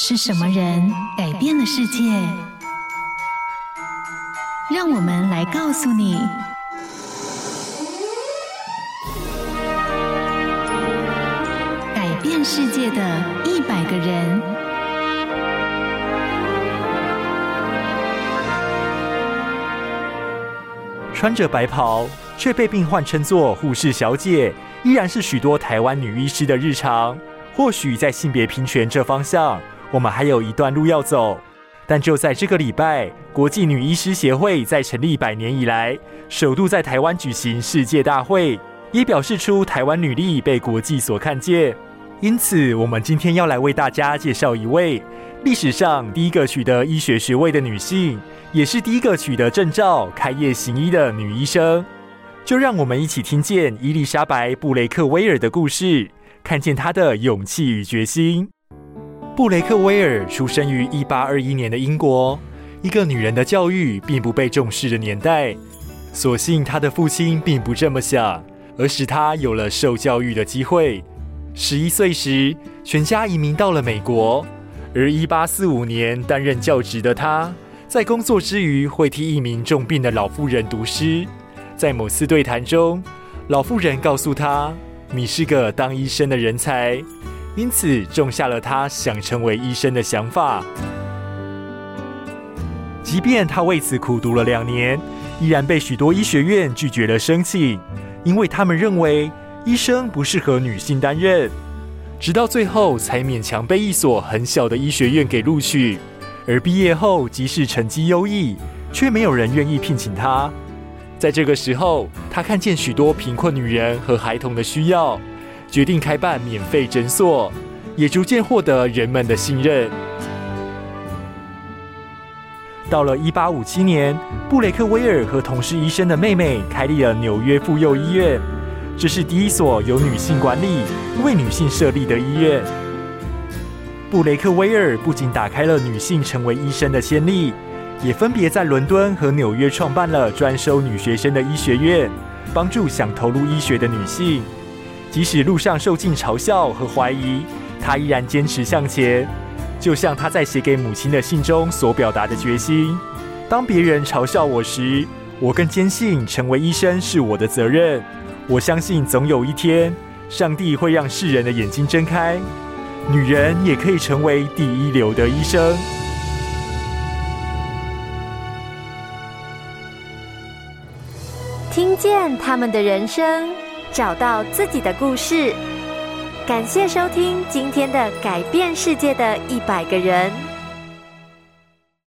是什麼人改變了世界，改變世界？讓我們來告訴你：改變世界的一百個人。穿着白袍，卻被病患稱作護士小姐，依然是許多台灣女醫師的日常。或許在性別平權這方向。我們還有一段路要走，但就在這個禮拜，國際女醫師協會在成立百年以來，首度在台灣舉行世界大會，也表示出台灣女力被國際所看見。因此，我們今天要來為大家介紹一位歷史上第一個取得醫學學位的女性，也是第一個取得證照開業行醫的女醫生。就讓我們一起聽見伊莉莎白·布蕾克威爾的故事，看見她的勇氣與決心。布雷克威爾出生於1821年的英國，一個女人的教育並不被重視的年代。所幸她的父親並不這麼想，而使她有了受教育的機會。11歲時，全家移民到了美國。而1845年擔任教職的她，在工作之餘會替一名重病的老婦人讀詩。在某次對談中，老婦人告訴她：「你是個當醫生的人才。」因此，種下了她想成為醫生的想法。即便她為此苦讀了兩年，依然被許多醫學院拒絕了申請，因為他們認為醫生不適合女性擔任。直到最後，才勉強被一所很小的醫學院給錄取。而畢業後，即使成績優異，卻沒有人願意聘請她。在這個時候，她看見許多貧困女人和孩童的需要。決定開辦免費診所，也逐漸獲得人們的信任。到了一八五七年，布蕾克威爾和同事醫生的妹妹開立了紐約婦幼醫院，這是第一所由女性管理、為女性設立的醫院。布蕾克威爾不僅打開了女性成為醫生的先例，也分別在倫敦和紐約創辦了專收女學生的醫學院，幫助想投入醫學的女性。即使路上受盡嘲笑和懷疑，他依然堅持向前，就像他在寫給母親的信中所表達的決心。當別人嘲笑我時，我更堅信成為醫生是我的責任。我相信總有一天，上帝會讓世人的眼睛睜開，女人也可以成為第一流的醫生。聽見他們的人生。找到自己的故事。感謝收聽今天的《改變世界的一百個人》。